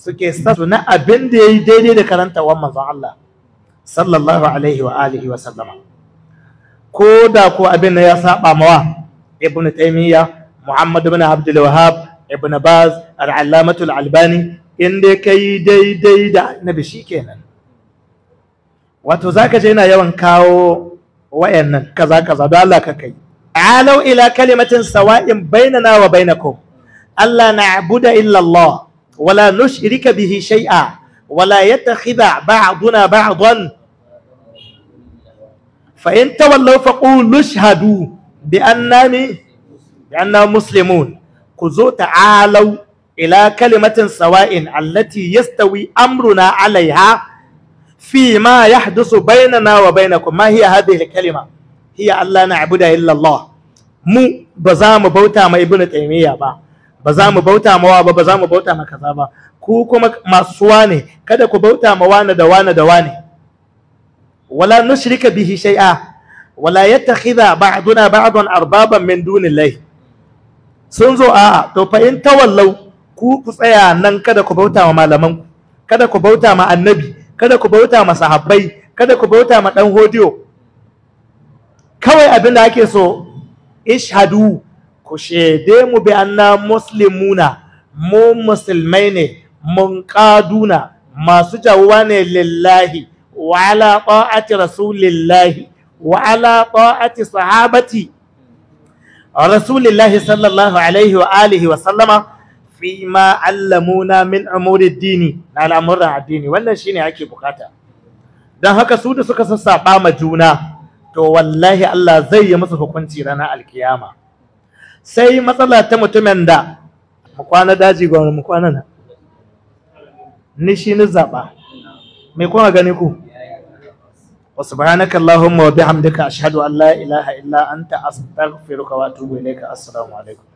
suke sasu na abin da ya yi daidai da karanta wa manzon Allah sallallahu alaihi wa alihi wa sallama ko da ko abin da ya saba mawa ibn taimiyya muhammad ibn abdul ibn baz al-allamatu albani inda kai daidai da nabi shikenan wato zaka je yana yawan kawo wayannan kaza kaza don Allah ka kai alau ila kalimatin sawa'in bainana wa bainakum Allah na da illallah wala nushrika bihi shay'a wala yattakhidha ba'duna ba'dan fa in tawallaw faqulu nushhadu bi annani bi anna muslimun kuzo ta'alu ila kalimatin sawa'in allati yastawi amruna 'alayha fi Fima yahdusu bainana wa bainakum ma hiya hadhihi al-kalima hiya alla na'budu illa Allah mu ba mu bauta ma ibnu taimiyya ba ba za mu bauta mawa ba ba za mu bauta ma kaza ba ku kuma masu wane kada ku bauta ma wane da wane da wane wala nushrika bihi shay'a wala yattakhidha ba'duna ba'dan arbaban min dunillahi sun zo a to fa in tawallau ku ku tsaya nan kada ku bauta ma malaman kada ku bauta ma annabi kada ku bauta ma sahabbai kada ku bauta ma dan hodiyo kawai abinda ake so ishadu ku shaide mu bi anna muslimuna mu musulmai ne mun kaduna masu jawwa ne lillahi wa ala ta'ati rasulillahi wa ala ta'ati sahabati rasulillahi sallallahu alaihi wa alihi wa sallama fi ma allamuna min umuri dini na al'amuran addini wannan shine ake bukata dan haka su da suka sassaba ma juna to wallahi Allah zai yi musu hukunci ranar alkiyama sai matsala ta mutumin da mu kwana daji gwamnati mu na ni shi ni zaba. mai kuma gani ku wa subhanaka allahumma wa bihamdika ashhadu an la ilaha illa anta astaghfiruka wa atubu ilayka assalamu alaikum